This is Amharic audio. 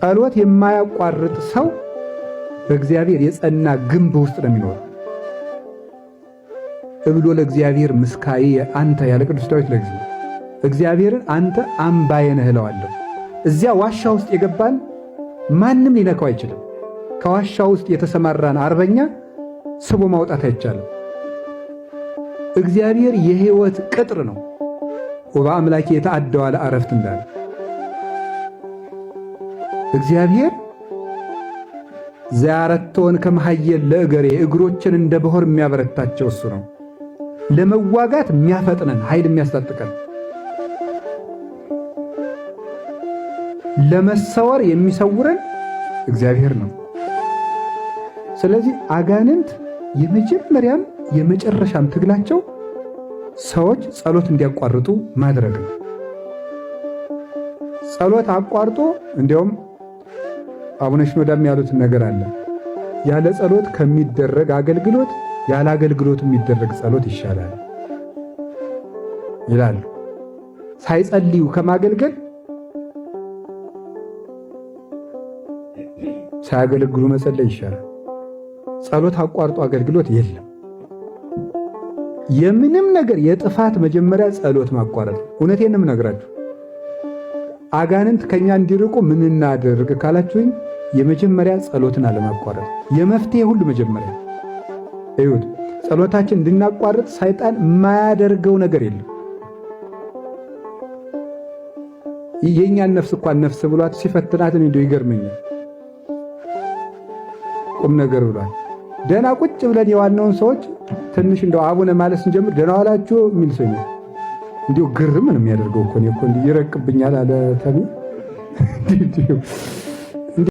ጸሎት የማያቋርጥ ሰው በእግዚአብሔር የጸና ግንብ ውስጥ ነው የሚኖር። እብሎ ለእግዚአብሔር ምስካዬ አንተ ያለ ቅዱስ ዳዊት ለጊዜ እግዚአብሔርን አንተ አምባዬ ነህ እለዋለሁ። እዚያ ዋሻ ውስጥ የገባን ማንም ሊነካው አይችልም። ከዋሻ ውስጥ የተሰማራን አርበኛ ስቦ ማውጣት አይቻልም። እግዚአብሔር የሕይወት ቅጥር ነው። ወበአምላኬ የተአደዋለ አረፍት እንዳለ እግዚአብሔር ዘያረቶን ከመሐየል ለእገሬ እግሮችን እንደ በሆር የሚያበረታቸው እሱ ነው። ለመዋጋት የሚያፈጥነን ኃይል የሚያስታጥቀን ለመሰወር የሚሰውረን እግዚአብሔር ነው። ስለዚህ አጋንንት የመጀመሪያም የመጨረሻም ትግላቸው ሰዎች ጸሎት እንዲያቋርጡ ማድረግ ነው። ጸሎት አቋርጦ እንዲያውም አቡነ ሽኖዳም ያሉትን ነገር አለ። ያለ ጸሎት ከሚደረግ አገልግሎት ያለ አገልግሎት የሚደረግ ጸሎት ይሻላል ይላሉ። ሳይጸልዩ ከማገልገል ሳያገለግሉ መጸለይ ይሻላል። ጸሎት አቋርጦ አገልግሎት የለም። የምንም ነገር የጥፋት መጀመሪያ ጸሎት ማቋረጥ። እውነቴንም ነግራችሁ አጋንንት ከኛ እንዲርቁ ምን እናድርግ ካላችሁኝ የመጀመሪያ ጸሎትን አለማቋረጥ የመፍትሄ ሁሉ መጀመሪያ እዩት። ጸሎታችን እንድናቋርጥ ሰይጣን የማያደርገው ነገር የለም። የእኛን ነፍስ እንኳን ነፍስ ብሏት ሲፈትናት እንደው ይገርመኛል። ቁም ነገር ብሏል። ደና ቁጭ ብለን የዋልነውን ሰዎች ትንሽ እንደው አቡነ ማለት ስንጀምር ደና ዋላችሁ የሚል ሰው ነው። እንዲሁ ግርም ነው የሚያደርገው እኮ እኔ እኮ ይረቅብኛል አለ ተሜ